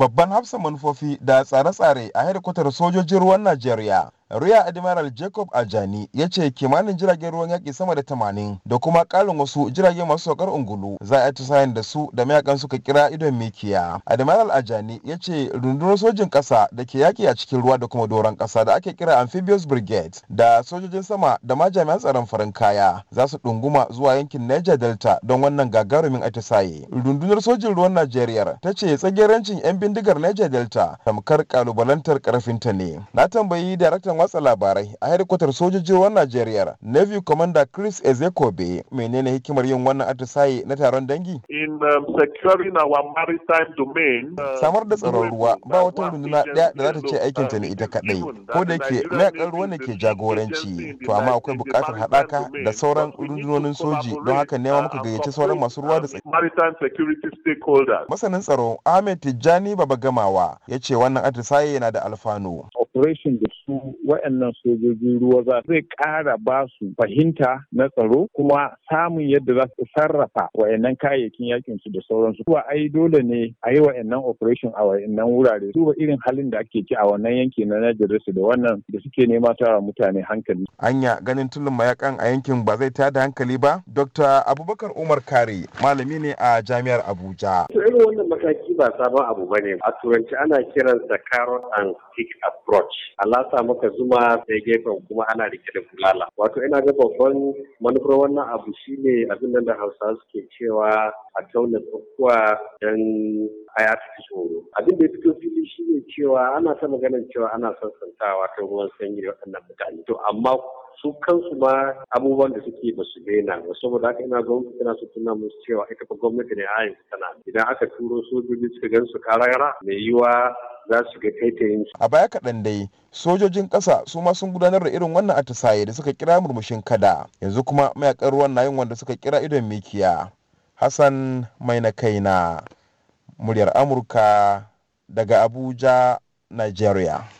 babban hafsan manufofi da tsare-tsare a hedikwatar sojojin ruwan Najeriya. ruya Admiral Jacob Ajani ya ce kimanin jiragen ruwan yaƙi sama da tamanin da kuma ƙarin wasu jirage masu saukar ungulu za a ci sayan da su da mayakan suka kira idon mikiya. Admiral Ajani ya ce rundunar sojin ƙasa da ke yaƙi a cikin ruwa da kuma doron ƙasa da ake kira Amphibious Brigade da sojojin sama da ma jami'an tsaron farin kaya za su ɗunguma zuwa yankin Niger Delta don wannan gagarumin atisaye. Rundunar sojin ruwan Najeriya ta ce tsagerancin 'yan bindigar Niger Delta tamkar ƙalubalantar ƙarfinta ne. Na tambayi daraktan watsa labarai a hedikwatar sojojin ruwan Najeriya Navy Commander Chris Ezekobe menene hikimar yin wannan atisaye na taron dangi? In um, securing uh, Samar da tsaron ruwa ba wata runduna ɗaya da za ta ce aikinta ne um, ita kaɗai ko da yake mayakan ruwa ne ke jagoranci to amma akwai buƙatar haɗaka da sauran rundunonin soji don haka nema muka uh, gayyaci sauran masu ruwa da um, Masanin tsaro Ahmed Tijjani Baba Gamawa ya ce wannan atisaye yana da alfanu. Operation su wa'annan sojojin ruwa za zai ƙara ba su fahimta na tsaro kuma samun yadda za su sarrafa wa'annan kayayyakin yakin su da sauransu kuwa ai dole ne a yi wa'annan operation a wa'annan wurare duba irin halin da ake ci a wannan yanki na Najeriya su da wannan da suke nema tara mutane hankali anya ganin tulun mayakan a yankin ba zai da hankali ba Dr. Abubakar Umar Kare malami ne a Jami'ar Abuja irin wannan mataki ba sabon abu bane a turanci ana kiransa carrot and stick approach Allah sa maka zuma sai gefen kuma ana rike da bulala wato ina ga babban manufar wannan abu shine abin nan da hausa suke cewa a tauna tsakuwa don aya ta tsoro abin da ya fito fili shine cewa ana ta maganar cewa ana sassantawa ta ruwan sanyi da waɗannan mutane to amma su kansu ma abubuwan da suke ba su daina ba saboda haka ina gwamnati tana su tuna musu cewa ita fa gwamnati ne a yanzu tana idan aka turo sojoji suka gan su karara mai yiwa za su ga taitayin A baya kaɗan dai sojojin ƙasa su ma sun gudanar da irin wannan atisaye da suka kira murmushin kada yanzu kuma mayakan ruwan na yin wanda suka kira idon mikiya. Hassan mai na kaina muryar Amurka daga Abuja, Nigeria.